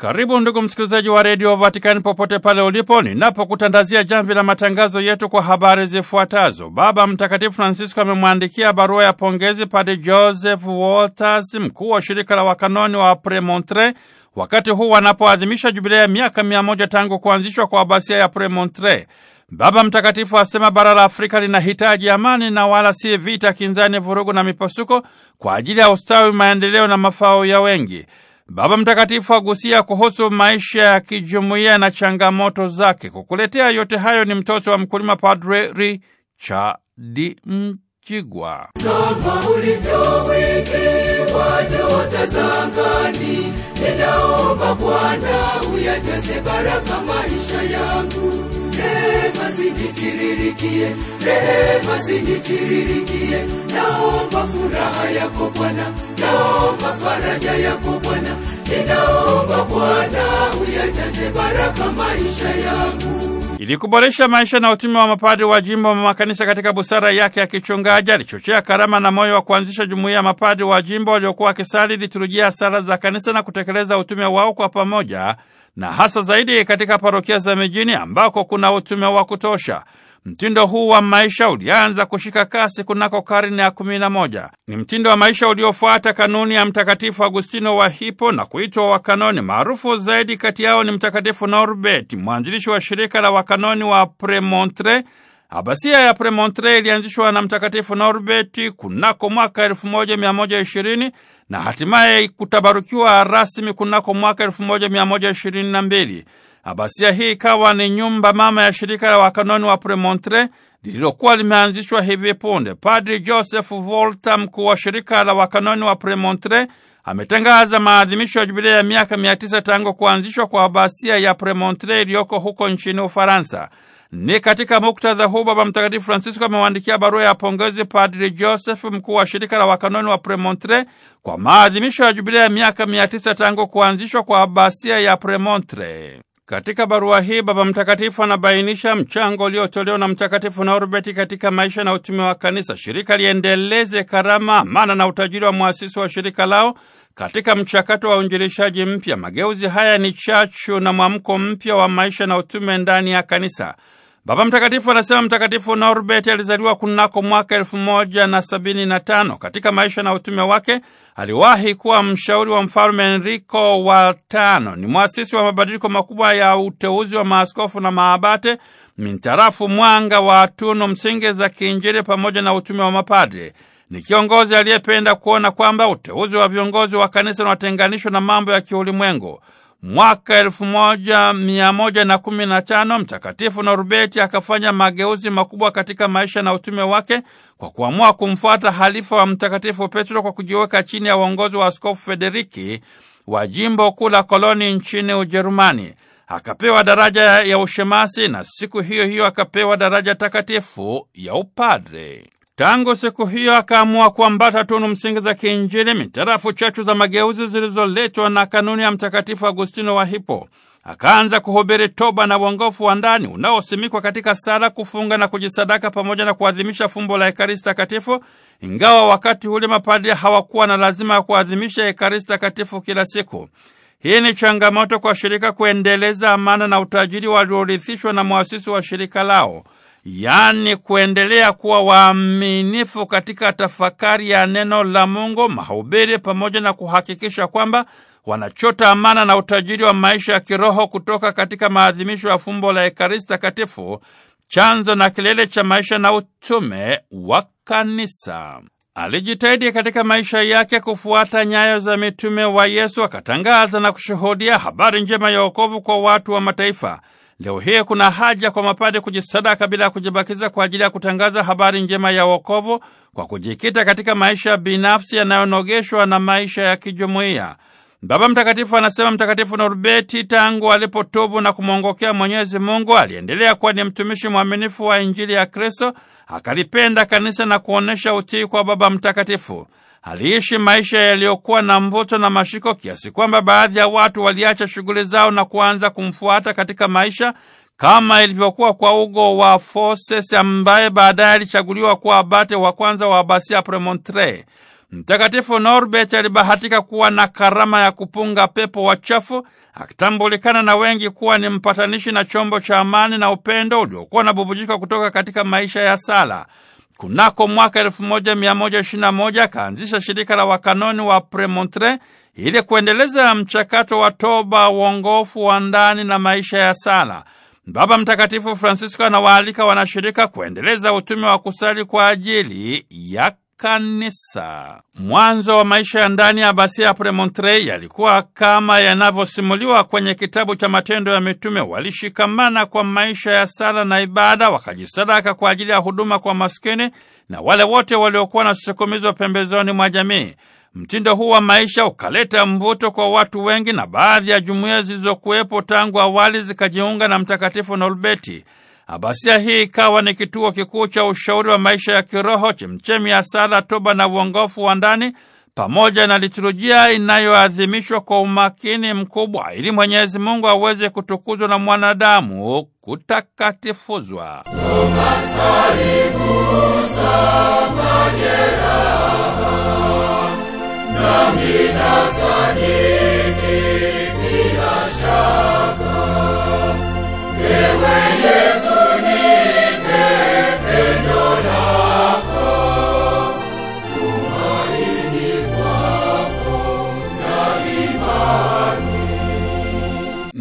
Karibu ndugu msikilizaji wa redio Vatikani popote pale ulipo, ninapokutandazia jamvi la matangazo yetu kwa habari zifuatazo. Baba Mtakatifu Francisco amemwandikia barua ya pongezi Padre Joseph walters mkuu wa shirika la wakanoni wa Premontre, wakati huu wanapoadhimisha jubilia ya miaka mia moja tangu kuanzishwa kwa abasia ya Premontre. Baba Mtakatifu asema bara la Afrika linahitaji amani na wala si vita, kinzani, vurugu na mipasuko, kwa ajili ya ustawi, maendeleo na mafao ya wengi. Baba Mtakatifu agusia kuhusu maisha ya kijumuiya na changamoto zake. Kukuletea yote hayo ni mtoto wa mkulima, Padre Richard Mjigwa. Kama ulivyowekewa nyota za ninaomba Bwana uyajaze baraka maisha yangu Rehema zinitiririkie, rehema zinitiririkie. Naomba furaha yako Bwana, naomba faraja yako Bwana, ninaomba Bwana uyajaze baraka maisha yangu ili kuboresha maisha na utume wa mapadri wa jimbo wa makanisa katika busara yake ya kichungaji, alichochea karama na moyo wa kuanzisha jumuiya ya mapadri wa jimbo waliokuwa wakisali liturujia sala za kanisa na kutekeleza utume wao kwa pamoja na hasa zaidi katika parokia za mijini ambako kuna utume wa kutosha. Mtindo huu wa maisha ulianza kushika kasi kunako karne ya kumi na moja. Ni mtindo wa maisha uliofuata kanuni ya Mtakatifu Agustino wa Hippo na kuitwa wakanoni. Maarufu zaidi kati yao ni Mtakatifu Norbert, mwanzilishi wa shirika la wakanoni wa Premontre. Abasia ya Premontre ilianzishwa na Mtakatifu Norbert kunako mwaka ishirini na hatimaye kutabarukiwa rasmi kunako mwaka 1122. Abasia hii ikawa ni nyumba mama ya shirika la wakanoni wa Premontre lililokuwa limeanzishwa hivi punde. Padri Joseph Volta, mkuu wa shirika la wakanoni wa Premontre, ametangaza maadhimisho ya jubilei ya miaka 900 tangu kuanzishwa kwa abasia ya Premontre iliyoko huko nchini Ufaransa. Ni katika muktadha huu Baba Mtakatifu Francisco amewaandikia barua ya pongezi Padri Joseph, mkuu wa shirika la wakanoni wa Premontre kwa maadhimisho ya jubilia ya miaka mia tisa tangu kuanzishwa kwa abasia ya Premontre. Katika barua hii Baba Mtakatifu anabainisha mchango uliotolewa na Mtakatifu Norbert katika maisha na utume wa Kanisa, shirika liendeleze karama, amana na utajiri wa mwasisi wa shirika lao katika mchakato wa uinjilishaji mpya. Mageuzi haya ni chachu na mwamko mpya wa maisha na utume ndani ya Kanisa. Baba Mtakatifu anasema Mtakatifu Norbert alizaliwa kunako mwaka elfu moja na sabini na tano. Katika maisha na utume wake aliwahi kuwa mshauri wa mfalme Enrico wa tano. Ni mwasisi wa mabadiliko makubwa ya uteuzi wa maaskofu na maabate mintarafu mwanga wa tunu msingi za kiinjili pamoja na utume wa mapadre. Ni kiongozi aliyependa kuona kwamba uteuzi wa viongozi wa kanisa unatenganishwa na mambo ya kiulimwengu. Mwaka elfu moja mia moja na kumi na tano Mtakatifu Norbeti akafanya mageuzi makubwa katika maisha na utume wake kwa kuamua kumfuata halifa wa Mtakatifu Petro kwa kujiweka chini ya uongozi wa Askofu Federiki wa jimbo kuu la Koloni nchini Ujerumani. Akapewa daraja ya ushemasi na siku hiyo hiyo akapewa daraja takatifu ya upadre. Tangu siku hiyo akaamua kuambata tunu msingi za kiinjili mitarafu chachu za mageuzi zilizoletwa na kanuni ya Mtakatifu Agustino wa Hippo. Akaanza kuhubiri toba na uongofu wa ndani unaosimikwa katika sala, kufunga na kujisadaka pamoja na kuadhimisha fumbo la Ekaristi Takatifu, ingawa wakati ule mapadri hawakuwa na lazima ya kuadhimisha Ekaristi Takatifu kila siku. Hii ni changamoto kwa shirika kuendeleza amana na utajiri waliorithishwa na mwasisi wa shirika lao yaani kuendelea kuwa waaminifu katika tafakari ya neno la Mungu, mahubiri, pamoja na kuhakikisha kwamba wanachota amana na utajiri wa maisha ya kiroho kutoka katika maadhimisho ya fumbo la Ekaristi Takatifu, chanzo na kilele cha maisha na utume wa Kanisa. Alijitahidi katika maisha yake kufuata nyayo za mitume wa Yesu, akatangaza na kushuhudia habari njema ya wokovu kwa watu wa mataifa. Leo hii kuna haja kwa mapadre kujisadaka bila ya kujibakiza kwa ajili ya kutangaza habari njema ya wokovu kwa kujikita katika maisha binafsi yanayonogeshwa na maisha ya kijumuiya. Baba Mtakatifu anasema Mtakatifu Norbeti tangu alipotubu na kumwongokea Mwenyezi Mungu aliendelea kuwa ni mtumishi mwaminifu wa Injili ya Kristo, akalipenda kanisa na kuonyesha utii kwa Baba Mtakatifu aliishi maisha yaliyokuwa na mvuto na mashiko kiasi kwamba baadhi ya watu waliacha shughuli zao na kuanza kumfuata katika maisha, kama ilivyokuwa kwa Ugo wa Foses ambaye baadaye alichaguliwa kuwa abate wa kwanza wa Abasia Premontre. Mtakatifu Norbert alibahatika kuwa na karama ya kupunga pepo wachafu, akitambulikana na wengi kuwa ni mpatanishi na chombo cha amani na upendo uliokuwa na bubujika kutoka katika maisha ya sala. Kunako mwaka 1121 akaanzisha shirika la wakanoni wa Premontre ili kuendeleza mchakato wa toba, uongofu wa ndani na maisha ya sala. Baba Mtakatifu Francisco anawaalika wanashirika kuendeleza utume wa kusali kwa ajili ya kanisa. Mwanzo wa maisha ya ndani ya Abasia Premontre yalikuwa kama yanavyosimuliwa kwenye kitabu cha Matendo ya Mitume. Walishikamana kwa maisha ya sala na ibada, wakajisadaka kwa ajili ya huduma kwa maskini na wale wote waliokuwa na sukumizwa pembezoni mwa jamii. Mtindo huu wa maisha ukaleta mvuto kwa watu wengi, na baadhi ya jumuiya zilizokuwepo tangu awali zikajiunga na Mtakatifu Norbeti. Abasia ah, hii ikawa ni kituo kikuu cha ushauri wa maisha ya kiroho, chemchemi ya sala, toba na uongofu wa ndani pamoja na liturujia inayoadhimishwa kwa umakini mkubwa ili Mwenyezi Mungu aweze kutukuzwa na mwanadamu kutakatifuzwa.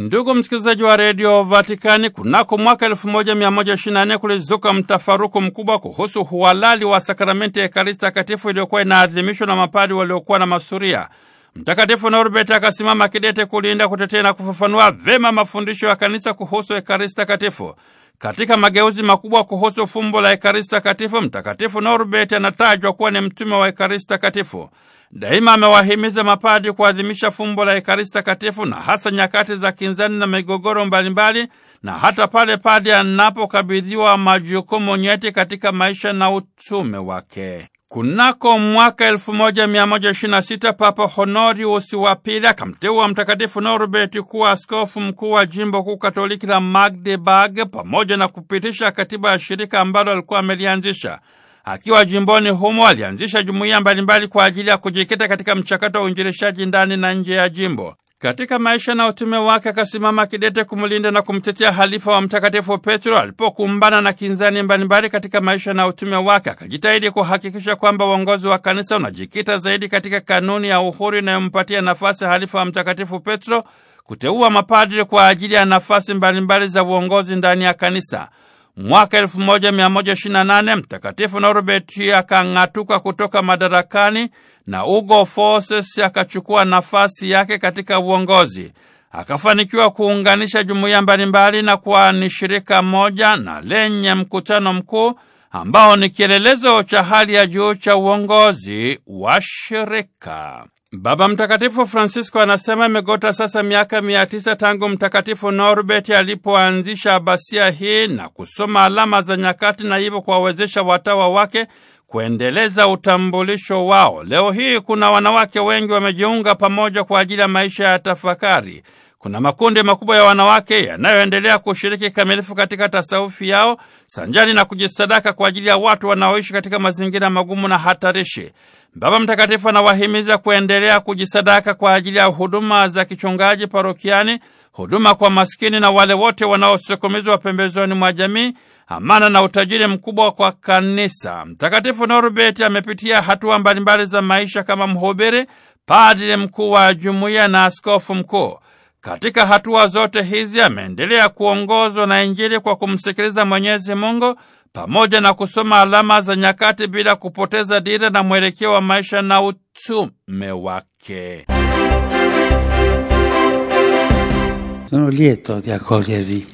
Ndugu msikilizaji wa redio Vatikani, kunako mwaka 1124 kulizuka mtafaruku mkubwa kuhusu uhalali wa sakramenti ya Ekaristi Takatifu iliyokuwa inaadhimishwa na mapadi waliokuwa na masuria. Mtakatifu Norbert akasimama kidete kulinda, kutetea na kufafanua vema mafundisho ya kanisa kuhusu Ekaristi Takatifu. Katika mageuzi makubwa kuhusu fumbo la Ekaristi Takatifu, Mtakatifu Norbert anatajwa kuwa ni mtume wa Ekaristi Takatifu. Daima amewahimiza mapadi kuadhimisha fumbo la Ekaristi Takatifu, na hasa nyakati za kinzani na migogoro mbalimbali, na hata pale padi anapokabidhiwa majukumu nyeti katika maisha na utume wake. Kunako mwaka 1126 Papa Honorius wa pili akamteua Mtakatifu Norbert kuwa askofu mkuu wa jimbo kuu katoliki la Magdeburg pamoja na kupitisha katiba ya shirika ambalo alikuwa amelianzisha. Akiwa jimboni humo alianzisha jumuiya mbalimbali kwa ajili ya kujikita katika mchakato wa uinjilishaji ndani na nje ya jimbo. Katika maisha na utume wake akasimama kidete kumlinda na kumtetea halifa wa Mtakatifu Petro alipokumbana na kinzani mbalimbali. Katika maisha na utume wake akajitahidi kuhakikisha kwamba uongozi wa kanisa unajikita zaidi katika kanuni ya uhuru inayompatia nafasi halifa wa Mtakatifu Petro kuteua mapadri kwa ajili ya nafasi mbalimbali za uongozi ndani ya kanisa. Mwaka 1128 Mtakatifu Norbert akang'atuka kutoka madarakani na Ugo Forces akachukua nafasi yake katika uongozi. Akafanikiwa kuunganisha jumuiya mbalimbali na kuwa ni shirika moja na lenye mkutano mkuu ambao ni kielelezo cha hali ya juu cha uongozi wa shirika. Baba Mtakatifu Francisco anasema imegota sasa miaka mia tisa tangu Mtakatifu Norbert alipoanzisha abasia hii na kusoma alama za nyakati, na hivyo kuwawezesha watawa wake kuendeleza utambulisho wao. Leo hii kuna wanawake wengi wamejiunga pamoja kwa ajili ya maisha ya tafakari. Kuna makundi makubwa ya wanawake yanayoendelea kushiriki kikamilifu katika tasawufi yao sanjari na kujisadaka kwa ajili ya watu wanaoishi katika mazingira magumu na hatarishi. Baba Mtakatifu anawahimiza kuendelea kujisadaka kwa ajili ya huduma za kichungaji parokiani, huduma kwa maskini na wale wote wanaosukumizwa pembezoni mwa jamii amana na utajiri mkubwa kwa kanisa. Mtakatifu Norbert amepitia hatua mbalimbali za maisha kama mhubiri, padri mkuu wa jumuiya na askofu mkuu. Katika hatua zote hizi ameendelea kuongozwa na Injili kwa kumsikiliza Mwenyezi Mungu pamoja na kusoma alama za nyakati bila kupoteza dira na mwelekeo wa maisha na utume wake. Sono lieto di accogliervi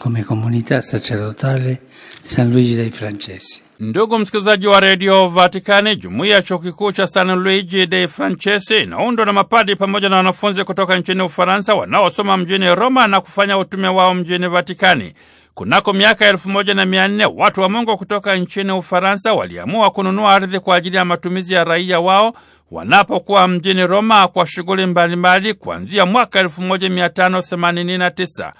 come comunità sacerdotale San Luigi dei Francesi. Ndugu msikilizaji wa redio Vatikani, jumuiya ya chuo kikuu cha San Luigi dei Francesi inaundwa na mapadi pamoja na wanafunzi kutoka nchini Ufaransa wanaosoma mjini Roma na kufanya utume wao mjini Vatikani. Kunako miaka elfu moja na mia nne watu wa Mungu kutoka nchini Ufaransa waliamua kununua ardhi kwa ajili ya matumizi ya raia wao wanapokuwa mjini Roma kwa shughuli mbalimbali kuanzia mwaka 1589.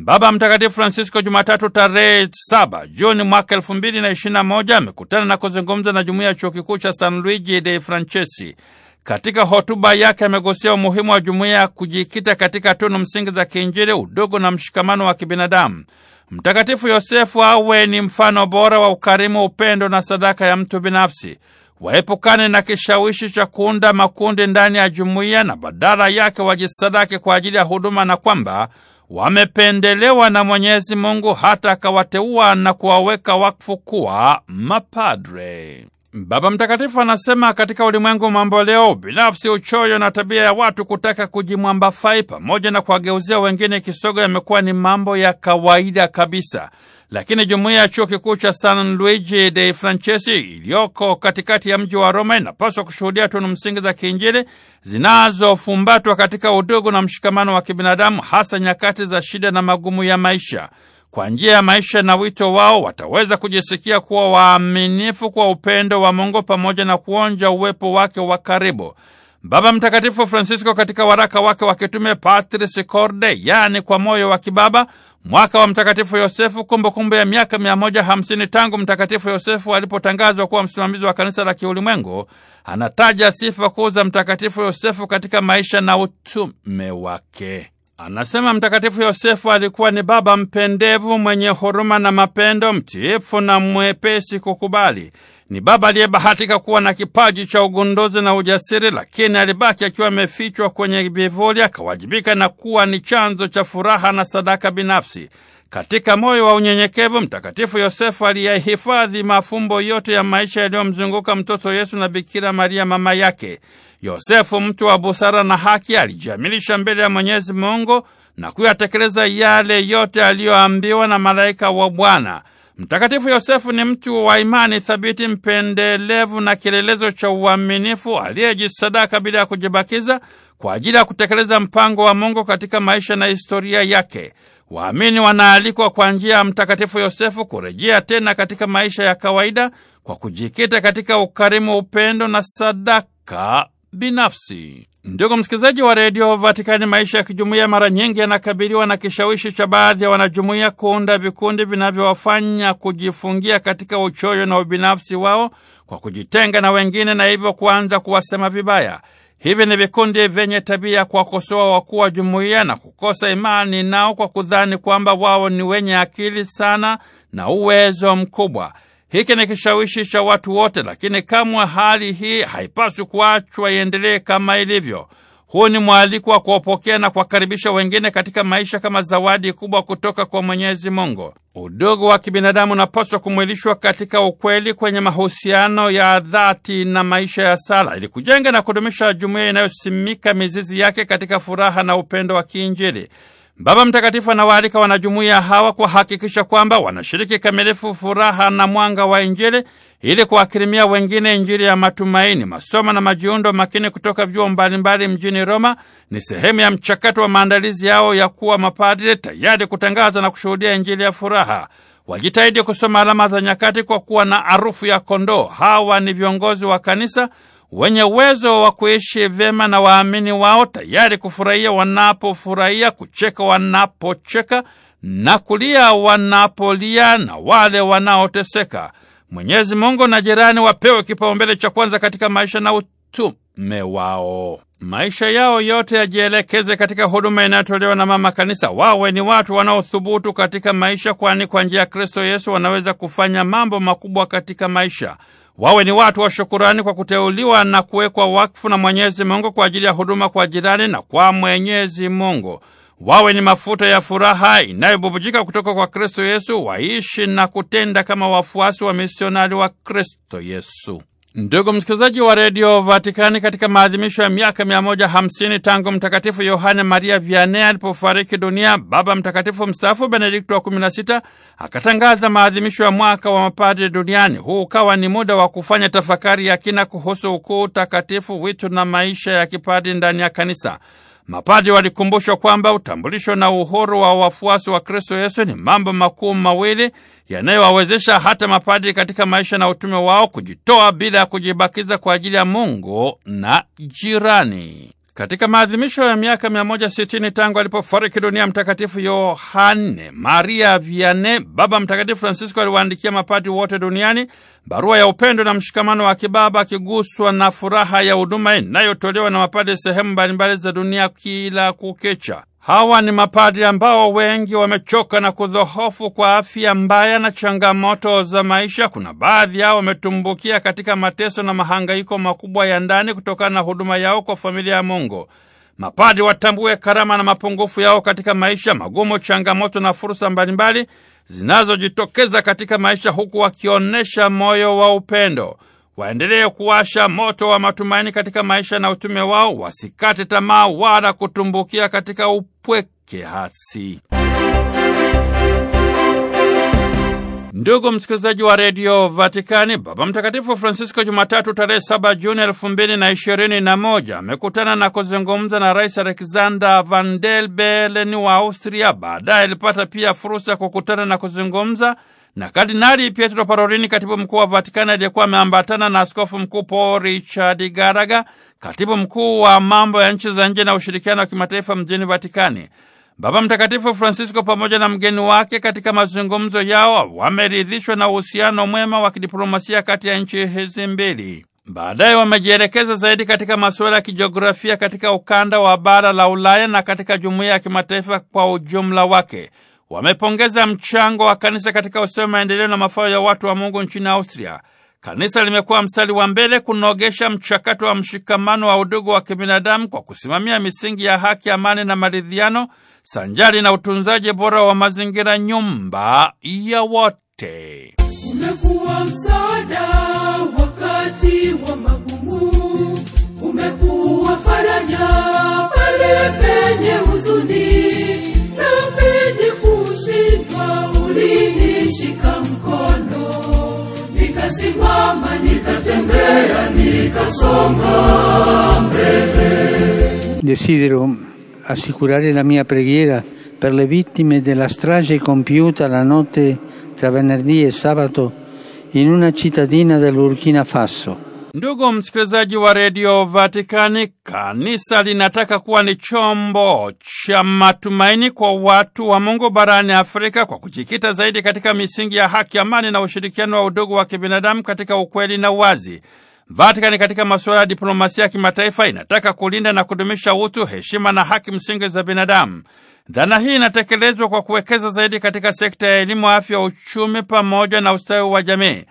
Baba Mtakatifu Francisco Jumatatu tarehe saba Juni mwaka elfu mbili na ishirini na moja amekutana na kuzungumza na jumuiya ya chuo kikuu cha San Luigi de Francesi. Katika hotuba yake amegusia umuhimu wa jumuiya kujikita katika tunu msingi za kiinjili, udugu na mshikamano wa kibinadamu. Mtakatifu Yosefu awe ni mfano bora wa ukarimu, upendo na sadaka ya mtu binafsi. Waepukane na kishawishi cha kuunda makundi ndani ya jumuiya na badala yake wajisadake kwa ajili ya huduma, na kwamba wamependelewa na Mwenyezi Mungu hata akawateua na kuwaweka wakfu kuwa mapadre. Baba Mtakatifu anasema katika ulimwengu mambo leo, binafsi, uchoyo na tabia ya watu kutaka kujimwambafai pamoja na kuwageuzia wengine kisogo yamekuwa ni mambo ya kawaida kabisa lakini jumuiya ya chuo kikuu cha San Luigi de Francesi iliyoko katikati ya mji wa Roma inapaswa kushuhudia tunu msingi za kiinjili zinazofumbatwa katika udugu na mshikamano wa kibinadamu, hasa nyakati za shida na magumu ya maisha. Kwa njia ya maisha na wito wao wataweza kujisikia kuwa waaminifu kwa upendo wa Mungu pamoja na kuonja uwepo wake wa karibu. Baba Mtakatifu Francisco katika waraka wake wa kitume Patris Corde, yaani kwa moyo wa kibaba mwaka wa Mtakatifu Yosefu, kumbukumbu ya miaka mia moja hamsini tangu Mtakatifu Yosefu alipotangazwa kuwa msimamizi wa kanisa la kiulimwengu. Anataja sifa kuu za Mtakatifu Yosefu katika maisha na utume wake. Anasema Mtakatifu Yosefu alikuwa ni baba mpendevu, mwenye huruma na mapendo, mtiifu na mwepesi kukubali. Ni baba aliyebahatika kuwa na kipaji cha ugunduzi na ujasiri, lakini alibaki akiwa amefichwa kwenye vivuli, akawajibika na kuwa ni chanzo cha furaha na sadaka binafsi. Katika moyo wa unyenyekevu, Mtakatifu Yosefu aliyehifadhi mafumbo yote ya maisha yaliyomzunguka mtoto Yesu na Bikira Maria mama yake. Yosefu, mtu wa busara na haki, alijiamilisha mbele ya Mwenyezi Mungu na kuyatekeleza yale yote aliyoambiwa na malaika wa Bwana. Mtakatifu Yosefu ni mtu wa imani thabiti, mpendelevu na kielelezo cha uaminifu, aliyejisadaka bila ya kujibakiza kwa ajili ya kutekeleza mpango wa Mungu katika maisha na historia yake. Waamini wanaalikwa kwa njia ya Mtakatifu Yosefu kurejea tena katika maisha ya kawaida kwa kujikita katika ukarimu, upendo na sadaka binafsi. Ndugu msikilizaji wa redio Vatikani, maisha ya kijumuiya mara nyingi yanakabiliwa na kishawishi cha baadhi ya wanajumuiya kuunda vikundi vinavyowafanya kujifungia katika uchoyo na ubinafsi wao kwa kujitenga na wengine na hivyo kuanza kuwasema vibaya. Hivi ni vikundi vyenye tabia ya kuwakosoa wakuu wa jumuiya na kukosa imani nao kwa kudhani kwamba wao ni wenye akili sana na uwezo mkubwa. Hiki ni kishawishi cha watu wote, lakini kamwe hali hii haipaswi kuachwa iendelee kama ilivyo. Huu ni mwaliko wa kuwapokea na kuwakaribisha wengine katika maisha kama zawadi kubwa kutoka kwa Mwenyezi Mungu. udogo wa kibinadamu unapaswa kumwilishwa katika ukweli kwenye mahusiano ya dhati na maisha ya sala, ili kujenga na kudumisha jumuiya inayosimika mizizi yake katika furaha na upendo wa kiinjili. Baba Mtakatifu anawaalika wanajumuiya hawa kuhakikisha kwamba wanashiriki kamilifu furaha na mwanga wa Injili ili kuwakirimia wengine Injili ya matumaini. Masomo na majiundo makini kutoka vyuo mbalimbali mjini Roma ni sehemu ya mchakato wa maandalizi yao ya kuwa mapadre tayari kutangaza na kushuhudia Injili ya furaha. Wajitahidi kusoma alama za nyakati kwa kuwa na harufu ya kondoo. Hawa ni viongozi wa kanisa wenye uwezo wa kuishi vyema na waamini wao, tayari kufurahia wanapofurahia, kucheka wanapocheka na kulia wanapolia, na wale wanaoteseka. Mwenyezi Mungu na jirani wapewe kipaumbele cha kwanza katika maisha na utume wao. Maisha yao yote yajielekeze katika huduma inayotolewa na mama kanisa. Wawe ni watu wanaothubutu katika maisha, kwani kwa njia ya Kristo Yesu wanaweza kufanya mambo makubwa katika maisha wawe ni watu wa shukurani kwa kuteuliwa na kuwekwa wakfu na Mwenyezi Mungu kwa ajili ya huduma kwa jirani na kwa Mwenyezi Mungu. Wawe ni mafuta ya furaha inayobubujika kutoka kwa Kristo Yesu, waishi na kutenda kama wafuasi wa misionari wa Kristo Yesu. Ndugu msikilizaji wa redio Vatikani, katika maadhimisho ya miaka 150 tangu Mtakatifu Yohane Maria Vianney alipofariki dunia, Baba Mtakatifu mstaafu Benedikto wa 16 akatangaza maadhimisho ya mwaka wa mapadre duniani. Huu ukawa ni muda wa kufanya tafakari ya kina kuhusu ukuu, utakatifu, witu na maisha ya kipadri ndani ya kanisa mapadi walikumbushwa kwamba utambulisho na uhuru wa wafuasi wa Kristo Yesu ni mambo makuu mawili yanayowawezesha hata mapadi katika maisha na utume wao kujitoa bila ya kujibakiza kwa ajili ya Mungu na jirani. Katika maadhimisho ya miaka 160 tangu alipofariki dunia Mtakatifu Yohane Maria Vianney, Baba Mtakatifu Francisco aliwaandikia mapadi wote duniani barua ya upendo na mshikamano wa kibaba, akiguswa na furaha ya huduma inayotolewa na mapadi sehemu mbalimbali za dunia kila kukicha. Hawa ni mapadri ambao wengi wamechoka na kudhohofu kwa afya mbaya na changamoto za maisha. Kuna baadhi yao wametumbukia katika mateso na mahangaiko makubwa ya ndani kutokana na huduma yao kwa familia ya Mungu. Mapadri watambue karama na mapungufu yao katika maisha magumu, changamoto na fursa mbalimbali zinazojitokeza katika maisha, huku wakionyesha moyo wa upendo. Waendelee kuwasha moto wa matumaini katika maisha na utume wao, wasikate tamaa wala kutumbukia katika upendo upweke hasi. Ndugu msikilizaji wa redio Vatikani, Baba Mtakatifu Francisco Jumatatu tarehe 7 Juni elfu mbili na ishirini na moja amekutana na kuzungumza na Rais Alexander Van der Bellen wa Austria. Baadaye alipata pia fursa ya kukutana na kuzungumza na Kardinali Pietro parorini katibu mkuu wa Vatikani, aliyekuwa ameambatana na askofu mkuu Paul Richard Garaga, katibu mkuu wa mambo ya nchi za nje na ushirikiano wa kimataifa mjini Vatikani. Baba Mtakatifu Francisco pamoja na mgeni wake katika mazungumzo yao wameridhishwa na uhusiano mwema wa kidiplomasia kati ya nchi hizi mbili. Baadaye wamejielekeza zaidi katika masuala ya kijiografia katika ukanda wa bara la Ulaya na katika jumuiya ya kimataifa kwa ujumla wake wamepongeza mchango wa kanisa katika ustawi, maendeleo na mafao ya watu wa Mungu nchini Austria. Kanisa limekuwa mstari wa mbele kunogesha mchakato wa mshikamano wa udugu wa kibinadamu kwa kusimamia misingi ya haki, amani na maridhiano sanjari na utunzaji bora wa mazingira, nyumba ya wote. Umekuwa msaada wakati wa magumu, umekuwa faraja pale penye huzuni. mama, nikatembea nikasonga mbele. Desidero assicurare la mia preghiera per le vittime della strage compiuta la notte tra venerdì e sabato in una cittadina dell'Urkina Faso Ndugu msikilizaji wa redio Vatikani, kanisa linataka kuwa ni chombo cha matumaini kwa watu wa Mungu barani Afrika kwa kujikita zaidi katika misingi ya haki, amani na ushirikiano wa udugu wa kibinadamu katika ukweli na uwazi. Vatikani katika masuala ya diplomasia ya kimataifa inataka kulinda na kudumisha utu, heshima na haki msingi za binadamu. Dhana hii inatekelezwa kwa kuwekeza zaidi katika sekta ya elimu, afya, uchumi pamoja na ustawi wa jamii.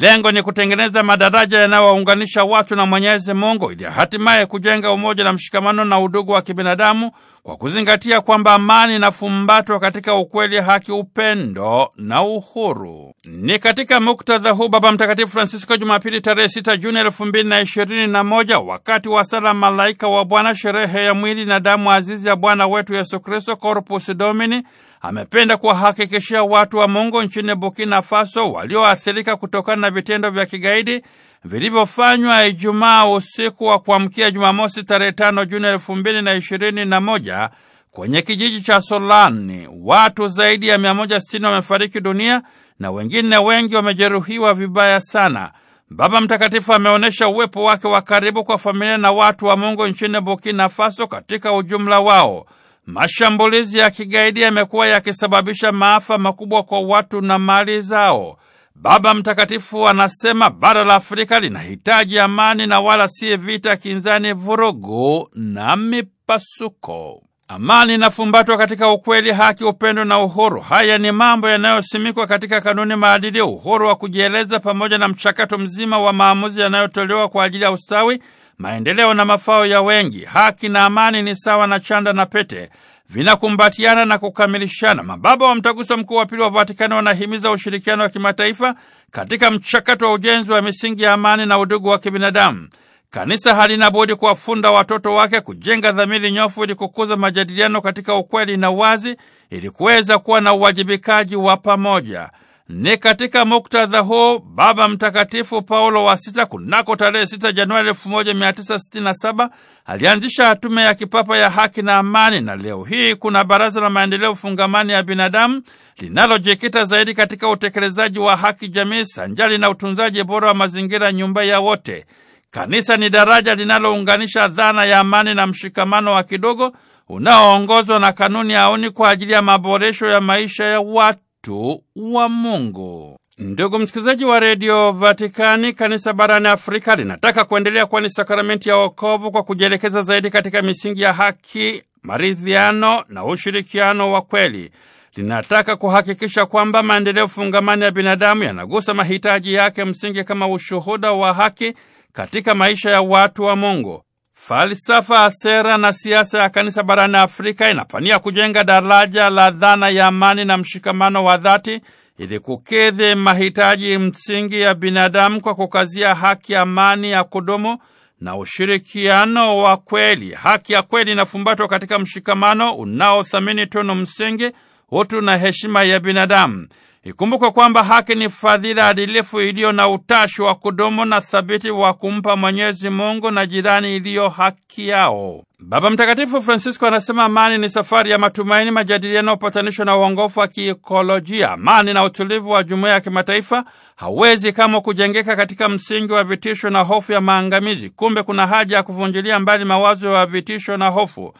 Lengo ni kutengeneza madaraja yanayowaunganisha watu na Mwenyezi Mungu ili hatimaye kujenga umoja na mshikamano na udugu wa kibinadamu kwa kuzingatia kwamba amani inafumbatwa katika ukweli, haki, upendo na uhuru. Ni katika muktadha huu Baba Mtakatifu Francisco Jumapili tarehe 6 Juni elfu mbili na ishirini na moja wakati wa sala Malaika wa Bwana, sherehe ya mwili na damu azizi ya Bwana wetu Yesu Kristo, Corpus Domini amependa kuwahakikishia watu wa Mungu nchini Burkina Faso walioathirika kutokana na vitendo vya kigaidi vilivyofanywa Ijumaa usiku wa kuamkia Jumamosi tarehe tano Juni elfu mbili na ishirini na moja kwenye kijiji cha Solani. Watu zaidi ya 160 wamefariki dunia na wengine wengi wamejeruhiwa vibaya sana. Baba Mtakatifu ameonyesha uwepo wake wa karibu kwa familia na watu wa Mungu nchini Burkina Faso katika ujumla wao. Mashambulizi ya kigaidi yamekuwa yakisababisha maafa makubwa kwa watu na mali zao. Baba Mtakatifu anasema bara la Afrika linahitaji amani na wala si vita kinzani, vurugu na mipasuko. Amani inafumbatwa katika ukweli, haki, upendo na uhuru. Haya ni mambo yanayosimikwa katika kanuni, maadili, uhuru wa kujieleza pamoja na mchakato mzima wa maamuzi yanayotolewa kwa ajili ya ustawi maendeleo na mafao ya wengi, haki na amani ni sawa na chanda na pete vinakumbatiana na kukamilishana. Mababa wa Mtaguso Mkuu wa Pili wa Vatikani wanahimiza ushirikiano wa kimataifa katika mchakato wa ujenzi wa misingi ya amani na udugu wa kibinadamu. Kanisa halina budi kuwafunda watoto wake kujenga dhamiri nyofu ili kukuza majadiliano katika ukweli na wazi, ili kuweza kuwa na uwajibikaji wa pamoja. Ni katika muktadha huu Baba Mtakatifu Paulo wa Sita kunako tarehe 6 Januari 1967 alianzisha tume ya kipapa ya haki na amani, na leo hii kuna baraza la maendeleo fungamani ya binadamu linalojikita zaidi katika utekelezaji wa haki jamii sanjali na utunzaji bora wa mazingira, nyumba ya wote. Kanisa ni daraja linalounganisha dhana ya amani na mshikamano wa kidogo unaoongozwa na kanuni auni kwa ajili ya maboresho ya maisha ya watu mtu wa Mungu. Ndugu msikilizaji wa redio Vatikani, kanisa barani Afrika linataka kuendelea kuwa ni sakramenti ya wokovu kwa kujielekeza zaidi katika misingi ya haki, maridhiano na ushirikiano wa kweli. Linataka kuhakikisha kwamba maendeleo fungamani ya binadamu yanagusa mahitaji yake msingi kama ushuhuda wa haki katika maisha ya watu wa Mungu. Falsafa ya sera na siasa ya kanisa barani Afrika inapania kujenga daraja la dhana ya amani na mshikamano wa dhati ili kukidhi mahitaji msingi ya binadamu kwa kukazia haki, amani ya kudumu na ushirikiano wa kweli. Haki ya kweli inafumbatwa katika mshikamano unaothamini tunu msingi, utu na heshima ya binadamu. Ikumbukwe kwamba haki ni fadhila adilifu iliyo na utashi wa kudumu na thabiti wa kumpa Mwenyezi Mungu na jirani iliyo haki yao. Baba Mtakatifu Francisco anasema amani ni safari ya matumaini, majadiliano, upatanisho na uongofu wa kiikolojia. Amani na utulivu wa jumuiya ya kimataifa hawezi kama kujengeka katika msingi wa vitisho na hofu ya maangamizi. Kumbe kuna haja ya kuvunjilia mbali mawazo ya vitisho na hofu.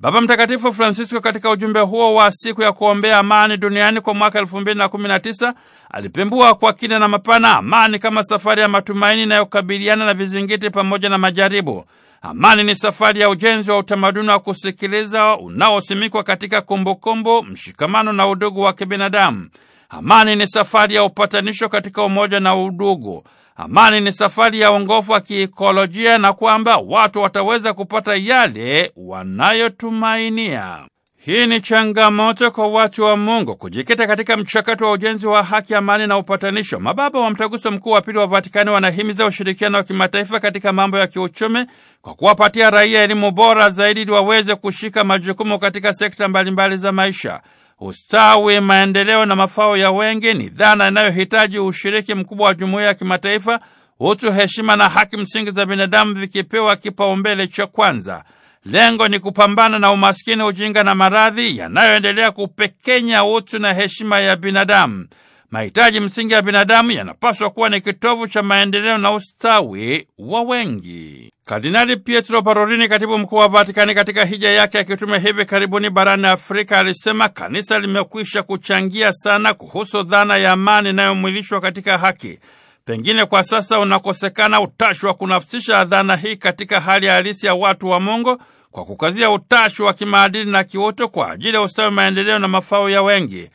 Baba Mtakatifu Francisco katika ujumbe huo wa siku ya kuombea amani duniani kwa mwaka 2019 alipembua kwa kina na mapana amani kama safari ya matumaini inayokabiliana na vizingiti pamoja na majaribu. Amani ni safari ya ujenzi wa utamaduni wa kusikiliza unaosimikwa katika kumbukumbu, mshikamano na udugu wa kibinadamu. Amani ni safari ya upatanisho katika umoja na udugu amani ni safari ya uongofu wa kiikolojia na kwamba watu wataweza kupata yale wanayotumainia. Hii ni changamoto kwa watu wa Mungu kujikita katika mchakato wa ujenzi wa haki, amani na upatanisho. Mababa wa Mtaguso Mkuu wa Pili wa Vatikani wanahimiza ushirikiano wa kimataifa katika mambo ya kiuchumi kwa kuwapatia raia elimu bora zaidi ili waweze kushika majukumu katika sekta mbalimbali za maisha ustawi, maendeleo na mafao ya wengi ni dhana inayohitaji ushiriki mkubwa wa jumuiya ya kimataifa, utu, heshima na haki msingi za binadamu vikipewa kipaumbele cha kwanza. Lengo ni kupambana na umaskini, ujinga na maradhi yanayoendelea kupekenya utu na heshima ya binadamu mahitaji msingi ya binadamu yanapaswa kuwa ni kitovu cha maendeleo na ustawi wa wengi. Kardinali Pietro parorini katibu mkuu wa Vatikani, katika hija yake ya kitume hivi karibuni barani Afrika, alisema kanisa limekwisha kuchangia sana kuhusu dhana ya amani inayomwilishwa katika haki. Pengine kwa sasa unakosekana utashi wa kunafsisha dhana hii katika hali halisi ya watu wa Mungu kwa kukazia utashi wa kimaadili na kiuto kwa ajili ya ustawi, maendeleo na mafao ya wengi.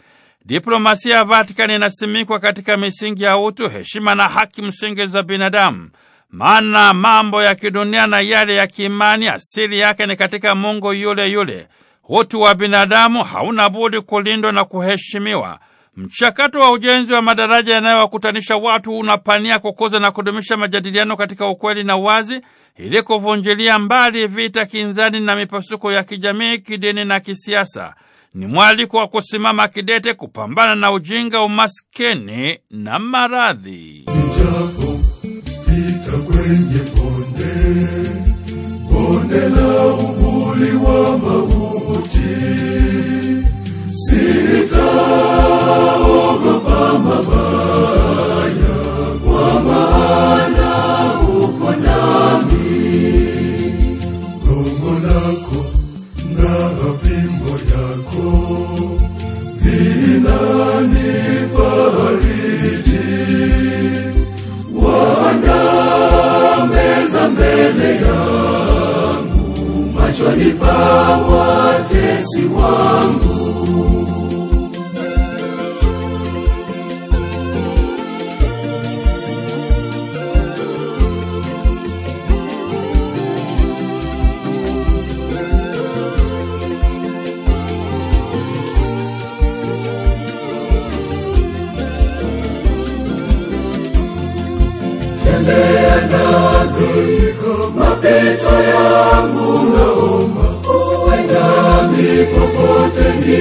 Diplomasia ya Vatikani inasimikwa katika misingi ya utu, heshima na haki msingi za binadamu, maana mambo ya kidunia na yale ya kiimani asili yake ni katika Mungu yule yule. Utu wa binadamu hauna budi kulindwa na kuheshimiwa. Mchakato wa ujenzi wa madaraja yanayowakutanisha watu unapania kukuza na kudumisha majadiliano katika ukweli na wazi ili kuvunjilia mbali vita, kinzani na mipasuko ya kijamii, kidini na kisiasa ni mwaliko wa kusimama kidete kupambana na ujinga, umaskini na maradhi. Njapo pita kwenye bonde, bonde la uvuli wa mauti, sitaogopa mabaya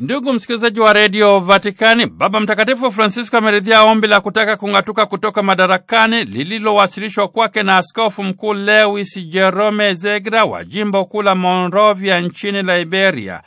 Ndugu msikilizaji wa redio Vatikani, Baba Mtakatifu Francisco ameridhia ombi la kutaka kung'atuka kutoka madarakani lililowasilishwa kwake na askofu mkuu Lewis Jerome Zegra wa jimbo kuu la Monrovia nchini Liberia.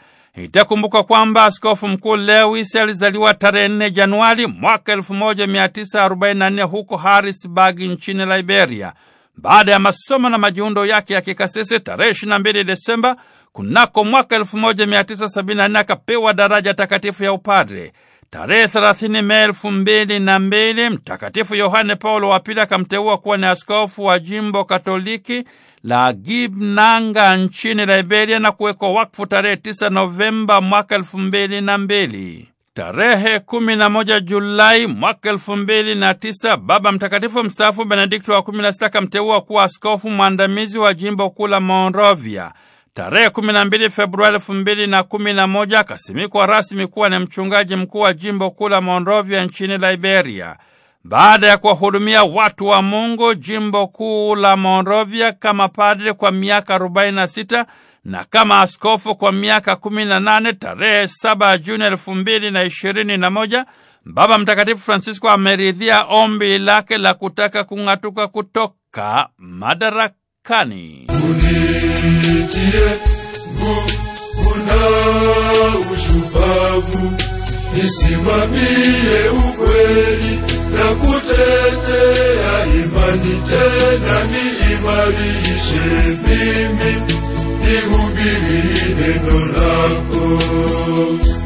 Itakumbukwa kwamba askofu mkuu Lewis alizaliwa tarehe 4 Januari mwaka 1944 huko Harrisburg nchini Liberia baada ya masomo na majiundo yake ya kikasisi tarehe 22 Desemba kunako mwaka 1974 akapewa daraja takatifu ya upadre. Tarehe 30 Mei 2002 Mtakatifu Yohane Paulo wa Pili akamteua kuwa ni askofu wa jimbo Katoliki la Gibnanga nchini Liberia na kuwekwa wakfu tarehe 9 Novemba mwaka 2002. Tarehe kumi na moja Julai mwaka elfu mbili na tisa Baba Mtakatifu mstaafu Benedikto wa kumi na akamteua kuwa askofu mwandamizi wa jimbo kuu la Monrovia. Tarehe kumi na mbili Februari elfu mbili na kumi na moja akasimikwa rasmi kuwa ni mchungaji mkuu wa jimbo kuu la Monrovia nchini Liberia. Baada ya kuwahudumia watu wa Mungu jimbo kuu la Monrovia kama padre kwa miaka arobaini na sita na kama askofu kwa miaka kumi na nane. Tarehe saba Juni elfu Baba Mtakatifu Francisco ameridhia ombi lake la kutaka kung'atuka kutoka madarakani. Unitie nguvu na ushupavu, nisimamie ukweli na kutetea imani, tena niimarishe mimi nilihubiri neno lako.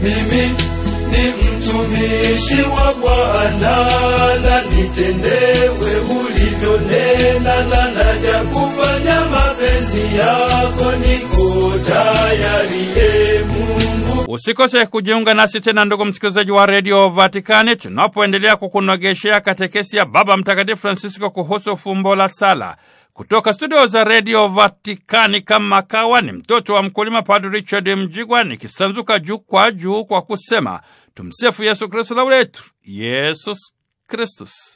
Mimi ni mtumishi wa Bwana, na nitendewe ulivyonena, na naja kufanya mapenzi yako, niko tayari, e Mungu. Usikose kujiunga nasi tena, ndugu msikilizaji wa redio Vatikani, tunapoendelea kukunogeshea katekesi ya Baba Mtakatifu Francisco kuhusu fumbo la sala. Kutoka studio za redio Vatikani, kama kawa ni mtoto wa mkulima, Padre Richard Mjigwa, nikisanzuka juu kwa juu kwa kusema tumsifu Yesu Kristu, lauletu Yesus Kristus.